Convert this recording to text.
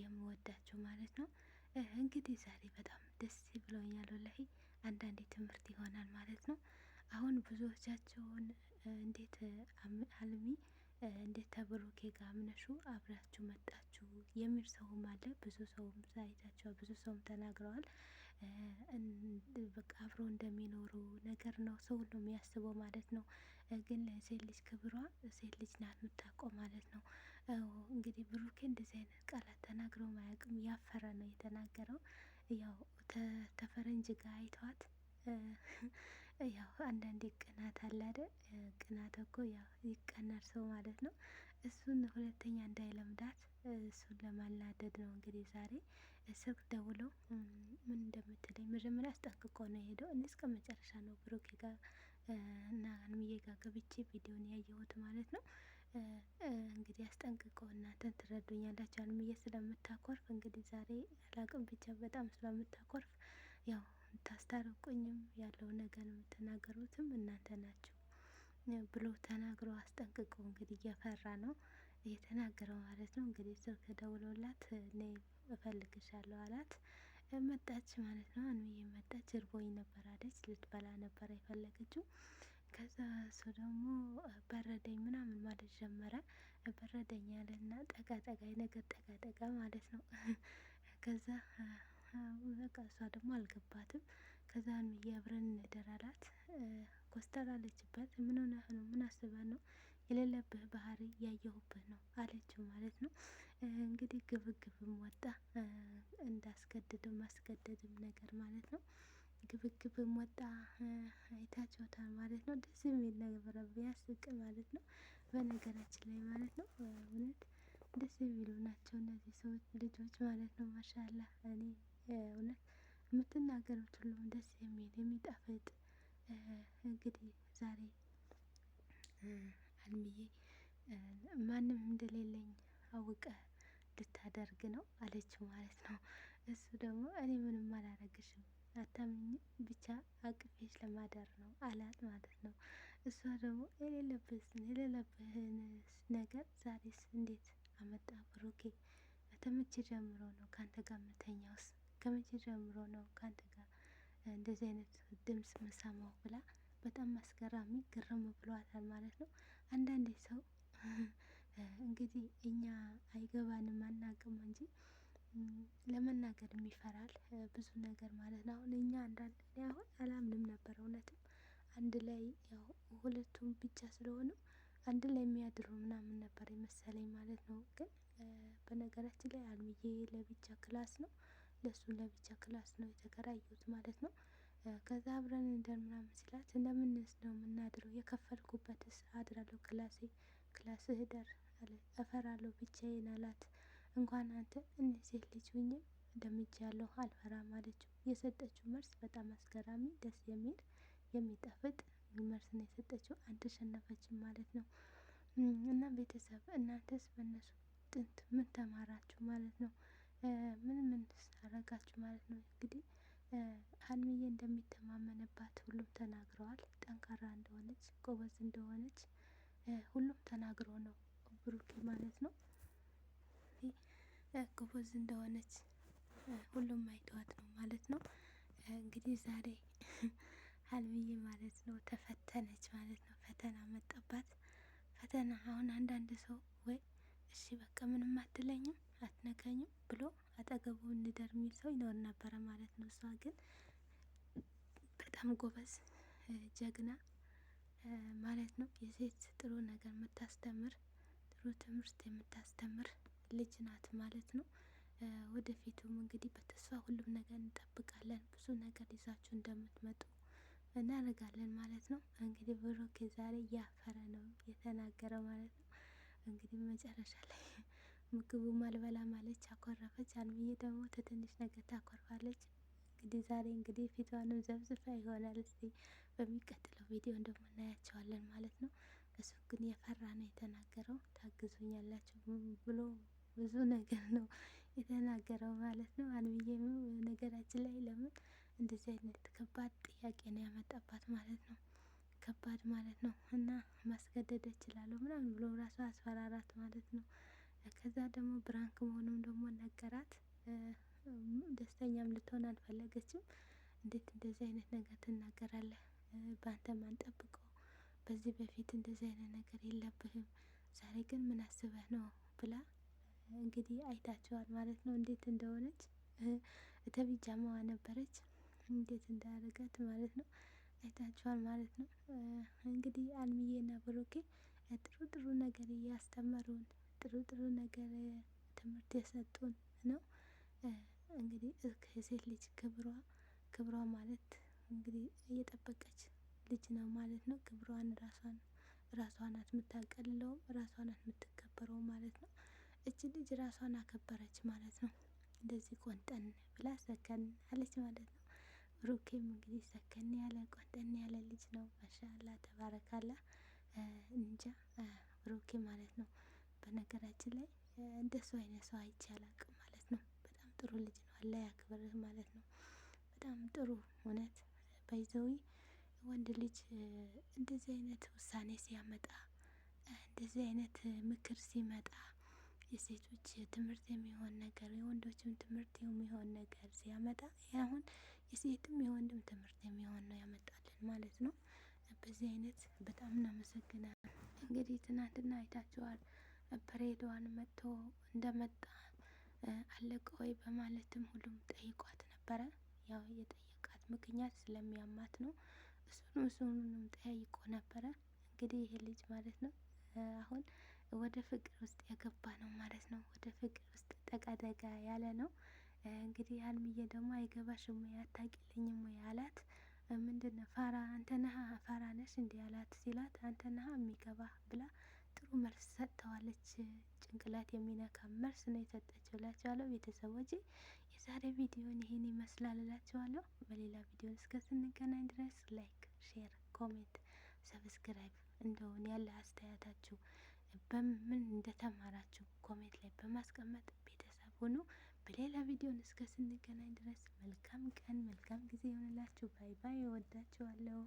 የምወዳችሁ ማለት ነው። እንግዲህ ዛሬ በጣም ደስ ብሎኛል። ወላሂ አንዳንዴ ትምህርት ይሆናል ማለት ነው። አሁን ብዙዎቻቸውን እንዴት አልሚ እንዴት ተብሩኬ ጋ አምነሹ አብራችሁ መጣችሁ የሚል ሰውም አለ። ብዙ ሰውም አይታችኋል፣ ብዙ ሰውም ተናግረዋል። በቃ አብሮ እንደሚኖሩ ነገር ነው ሰው ሁሉም የሚያስበው ማለት ነው። ግን ሴት ልጅ ክብሯ ሴት ልጅ ናት የምታውቀው ማለት ነው። እንግዲህ ብሩኬ እንደዚህ አይነት ቃላት ተናግሮ ማያውቅም። ያፈረ ነው የተናገረው። ያው ተፈረንጅ ጋር አይተዋት ያው አንዳንዴ ቅናት አለ አይደል? ቅናት እኮ ያው ይቀናል ሰው ማለት ነው። እሱን ሁለተኛ እንዳይለምዳት እሱን ለማናደድ ነው እንግዲህ ዛሬ ስልክ ደውለው ምን እንደምትለኝ መጀመሪያ አስጠንቅቆ ነው የሄደው። እኔ እስከ መጨረሻ ነው ብሩኬ ጋር እና ሀይሚዬ ጋር ገብቼ ቪዲዮን ያየሁት ማለት ነው። እንግዲህ አስጠንቅቀው እናንተን ትረዱኛላችሁ አልምዬ ስለምታኮርፍ እንግዲህ ዛሬ አላቅም ብቻ በጣም ስለምታኮርፍ ያው ታስታርቁኝም ያለው ነገር የምትናገሩትም እናንተ ናችሁ ብሎ ተናግሮ አስጠንቅቆ እንግዲህ እየፈራ ነው እየተናገረው ማለት ነው። እንግዲህ ስልክ ደውሎላት እኔ እፈልግሻለሁ አላት። መጣች ማለት ነው። አንዬ መጣች። እርቦኝ ነበር አለች። ልትበላ ነበር የፈለገችው ከዛ እሱ ደግሞ በረደኝ ምናምን ማለት ጀመረ። በረደኝ ያለና ጠጋጠጋ የነገር ጠጋጠጋ ማለት ነው። ከዛ በቃ እሷ ደግሞ አልገባትም። ከዛ ነው እያብረን እንደር አላት። ኮስተር አለችበት። ምን ሆነህ ነው? ምን አስበህ ነው? የሌለብህ ባህሪ እያየሁብህ ነው አለችው ማለት ነው። እንግዲህ ግብግብም ወጣ እንዳስገደደው ማስገደድም ነገር ማለት ነው። ግብግብም ወጣ አይታችሁታል ማለት ነው። ደስ የሚል ነገር ቢያስቅ ማለት ነው። በነገራችን ላይ ማለት ነው እውነት ደስ የሚሉ ናቸው እነዚህ ሰዎች ልጆች ማለት ነው። ማሻላ እኔ እውነት የምትናገሩት ሁሉም ደስ የሚል የሚጣፍጥ እንግዲህ ዛሬ አልሚዬ ማንም እንደሌለኝ አውቀ ልታደርግ ነው አለችው ማለት ነው። እሱ ደግሞ እኔ ምንም አላረግሽም አታምኝ ብቻ አቅፌሽ ለማደር ነው አላት ማለት ነው። እሷ ደግሞ የሌለብህን የሌለብህን ነገር ዛሬስ እንዴት አመጣ ብሩኬ? ከመቼ ጀምሮ ነው ከአንተ ጋር ምተኛውስ? ከመቼ ጀምሮ ነው ከአንተ ጋር እንደዚህ አይነት ድምፅ ምሰማው? ብላ በጣም አስገራሚ ግርም ብሏታል ማለት ነው። አንዳንዴ ሰው እንግዲህ እኛ አይገባንም አናቅም እንጂ ለመናገር ይፈራል ብዙ ነገር ማለት ነው። አሁን እኛ አንዳንድ እኔ አሁን አላምንም ነበር እውነትም አንድ ላይ ያው ሁለቱም ብቻ ስለሆኑ አንድ ላይ የሚያድሩ ምናምን ነበር የመሰለኝ ማለት ነው። ግን በነገራችን ላይ አልምዬ ለብቻ ክላስ ነው ለሱ ለብቻ ክላስ ነው የተከራዩት ማለት ነው። ከዛ አብረን እንደር ምናምን ስላት ለምንስ ነው የምናድረው የከፈልኩበትስ አድራለሁ ክላሴ ክላስ እህደር እፈራለሁ ብቻዬን አላት። እንኳን አንተ እነዚህ ልጅ ሁኜ ደምጃለሁ አልፈራም አለችው። የሰጠችው መልስ በጣም አስገራሚ፣ ደስ የሚል የሚጣፍጥ መልስ ነው የሰጠችው። አልተሸነፈችም ማለት ነው። እና ቤተሰብ እናንተስ በእነሱ ጥንት ምን ተማራችሁ ማለት ነው? ምን ምን አረጋችሁ ማለት ነው? እንግዲህ ሀልሚዬ እንደሚተማመንባት ሁሉም ተናግረዋል። ጠንካራ እንደሆነች፣ ጎበዝ እንደሆነች ሁሉም ተናግሮ ነው ብሩኬ ማለት ነው። ጎበዝ እንደሆነች ሁሉም አይተዋት ነው ማለት ነው። እንግዲህ ዛሬ ሀልሚዬ ማለት ነው ተፈተነች ማለት ነው። ፈተና መጣባት። ፈተና አሁን አንዳንድ ሰው ወይ እሺ በቃ ምንም አትለኝም አትነካኝም ብሎ አጠገቡ እንደር የሚል ሰው ይኖር ነበረ ማለት ነው። እሷ ግን በጣም ጎበዝ ጀግና ማለት ነው። የሴት ጥሩ ነገር የምታስተምር ጥሩ ትምህርት የምታስተምር ልጅ ናት ማለት ነው። ወደፊቱም እንግዲህ በተስፋ ሁሉም ነገር እንጠብቃለን። ብዙ ነገር ይዛችሁ እንደምትመጡ እናደርጋለን ማለት ነው። እንግዲህ ብሩክ ዛሬ እያፈረ ነው የተናገረ ማለት ነው። እንግዲህ መጨረሻ ላይ ምግቡ ማልበላ አለች፣ አኮረፈች። አንብዬ ደግሞ ትንሽ ነገር ታኮርፋለች። እንግዲህ ዛሬ እንግዲህ ፊቷንም ዘብዝፋ ይሆናል። እስቲ በሚቀጥለው ቪዲዮ ደግሞ እናያቸዋለን ማለት ነው። እሱ ግን የፈራ ነው የተናገረው። ታግዙኛላችሁ ብሎ ብዙ ነገር ነው የተናገረው ማለት ነው። አንብዬም ነገራችን ላይ ለምን እንደዚህ አይነት ከባድ ጥያቄ ነው ያመጣባት ማለት ነው። ከባድ ማለት ነው እና ማስገደድ እችላለሁ ምናምን ብሎ ራሱ አስፈራራት ማለት ነው። ከዛ ደግሞ ብራንክ መሆኑም ደግሞ ነገራት። ደስተኛም ልትሆን አልፈለገችም። እንዴት እንደዚህ አይነት ነገር ትናገራለህ? በአንተ ማን ጠብቀው? በዚህ በፊት እንደዚህ አይነት ነገር የለብህም። ዛሬ ግን ምን አስበህ ነው ብላ እንግዲህ አይታችኋል ማለት ነው እንዴት እንደሆነች እተቢ ጃማዋ ነበረች እንዴት እንዳደረጋት ማለት ነው አይታችኋል ማለት ነው። እንግዲህ አልሚዬ እና ብሩኬ ጥሩ ጥሩ ነገር እያስተማሩን ጥሩ ጥሩ ነገር ትምህርት የሰጡን ነው። እንግዲህ የሴት ልጅ ክብሯ ክብሯ ማለት እንግዲህ እየጠበቀች ልጅ ነው ማለት ነው። ክብሯን ራሷን ራሷ ናት የምታቀልለውም ራሷ ናት የምትከበረው ማለት ነው። እች ልጅ ራሷን አከበረች ማለት ነው። እንደዚህ ቆንጠን ብላ ሰከን አለች ማለት ነው። ብሩኬም እንግዲህ ሰከን ያለ ቆንጠን ያለ ልጅ ነው። ማሻላ ተባረካላ። እንጃ ብሩኬ ማለት ነው። በነገራችን ላይ እንደሱ አይነት ሰው አይቼ አላቅም ማለት ነው። በጣም ጥሩ ልጅ ነው። አላ ያክብርህ ማለት ነው። በጣም ጥሩ እውነት ባይዘዊ ወንድ ልጅ እንደዚህ አይነት ውሳኔ ሲያመጣ እንደዚህ አይነት ምክር ሲመጣ የሴቶች ትምህርት የሚሆን ነገር የወንዶችም ትምህርት የሚሆን ነገር ሲያመጣ አሁን የሴትም የወንድም ትምህርት የሚሆን ነው ያመጣልን ማለት ነው። በዚህ አይነት በጣም እናመሰግናለን። እንግዲህ ትናንትና አይታችኋል። ፕሬድዋን መጥቶ እንደመጣ አለቀ ወይ በማለትም ሁሉም ጠይቋት ነበረ። ያው የጠየቃት ምክንያት ስለሚያማት ነው። እሱን እሱንም ጠያይቆ ነበረ። እንግዲህ ይሄ ልጅ ማለት ነው አሁን ወደ ፍቅር ውስጥ የገባ ነው ማለት ነው። ወደ ፍቅር ውስጥ ጠቃጠቃ ያለ ነው። እንግዲህ ሀይሚዬ ደግሞ አይገባሽም ወይ አታቂልኝም ወይ አላት። ምንድን ነው ፋራ አንተነሀ ፋራ ነሽ እንዲህ አላት ሲላት አንተነሀ የሚገባ ብላ ጥሩ መልስ ሰጥተዋለች። ጭንቅላት የሚነካ መልስ ነው የሰጠችው እላቸዋለሁ። ቤተሰቦቼ የዛሬ ቪዲዮን ይህን ይመስላል እላቸዋለሁ። በሌላ ቪዲዮ እስከ ስንገናኝ ድረስ ላይክ፣ ሼር፣ ኮሜንት፣ ሰብስክራይብ እንደሆን ያለ አስተያየታችሁ በምን እንደተማራችሁ ኮሜንት ላይ በማስቀመጥ ቤተሰብ ሁኑ። በሌላ ቪዲዮን እስከ ስንገናኝ ድረስ መልካም ቀን፣ መልካም ጊዜ ይሆንላችሁ። ባይ ባይ። እወዳችኋለሁ።